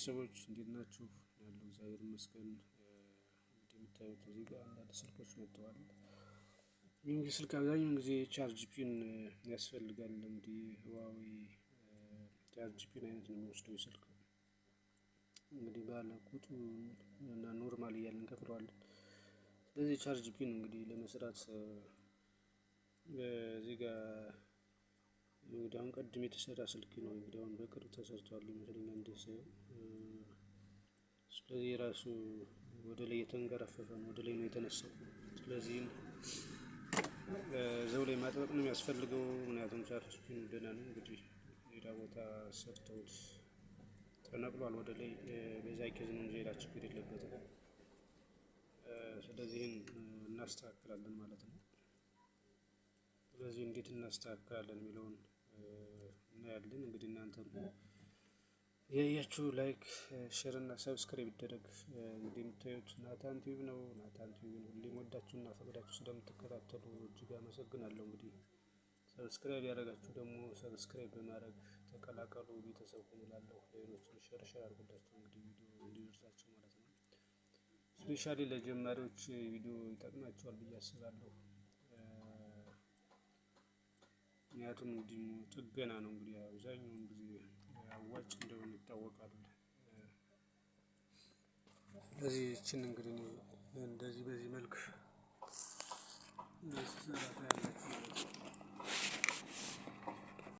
ቤተሰቦች እንዴት ናችሁ? ያለው እግዚአብሔር ይመስገን። እንግዲህ የምታዩት እዚህ ጋር አንዳንድ ስልኮች መጥተዋል። ይህ ስልክ አብዛኛውን ጊዜ ቻርጅ ፒን ያስፈልጋል። እንግዲህ ህዋዊ ቻርጅ ፒን አይነት ነው የሚወስደው ስልክ እንግዲህ ባለ ቁጡ እና ኖርማል እያልን እንከፍለዋለን። ስለዚህ ቻርጅ ፒን እንግዲህ ለመስራት እዚህ ጋር እንግዲህ አሁን የተሰራ ስልክ ነው። እንግዲህ አሁን በቅርብ ተሰርቷል ይመስለኛል እንደ ስለዚህ ራሱ ወደ ላይ የተንገረፈፈ ነው፣ ወደ ላይ ነው የተነሳው። ስለዚህም ዘው ላይ ማጥበቅ ነው የሚያስፈልገው። ምክንያቱም ቻርችን ደህና ነው እንግዲህ ሌላ ቦታ ሰርተውት ተነቅሏል ወደ ላይ። በዛ ኬዝ ነው ሌላ ችግር የለበትም። ስለዚህን እናስተካክላለን ማለት ነው። ስለዚህ እንዴት እናስተካክላለን የሚለውን እናያለን። እንግዲህ እናንተም ያያችሁ ላይክ፣ ሼር እና ሰብስክራይብ ይደረግ። እንግዲህ የምታዩት ናታን ቲዩብ ነው። ናታን ቲዩብን ሁሌም ወዳችሁና ፈቅዳችሁ ስለምትከታተሉ እጅግ አመሰግናለሁ። እንግዲህ ሰብስክራይብ ያደረጋችሁ ደግሞ ሰብስክራይብ በማድረግ ተቀላቀሉ፣ ቤተሰብ ሁኑ ሌሎችን ሼር ሼር አድርጉላችሁ እንግዲህ ቪዲዮ እንዲደርሳችሁ ማለት ነው። ስፔሻሊ ለጀማሪዎች ቪዲዮ ይጠቅማቸዋል ብዬ አስባለሁ። ምክንያቱም እንግዲህ ጥገና ነው እንግዲህ አብዛኛውን ጊዜ አዋጭ እንደሆነ ይታወቃል። ስለዚህ ይችን እንግዲህ እንደዚህ በዚህ መልክ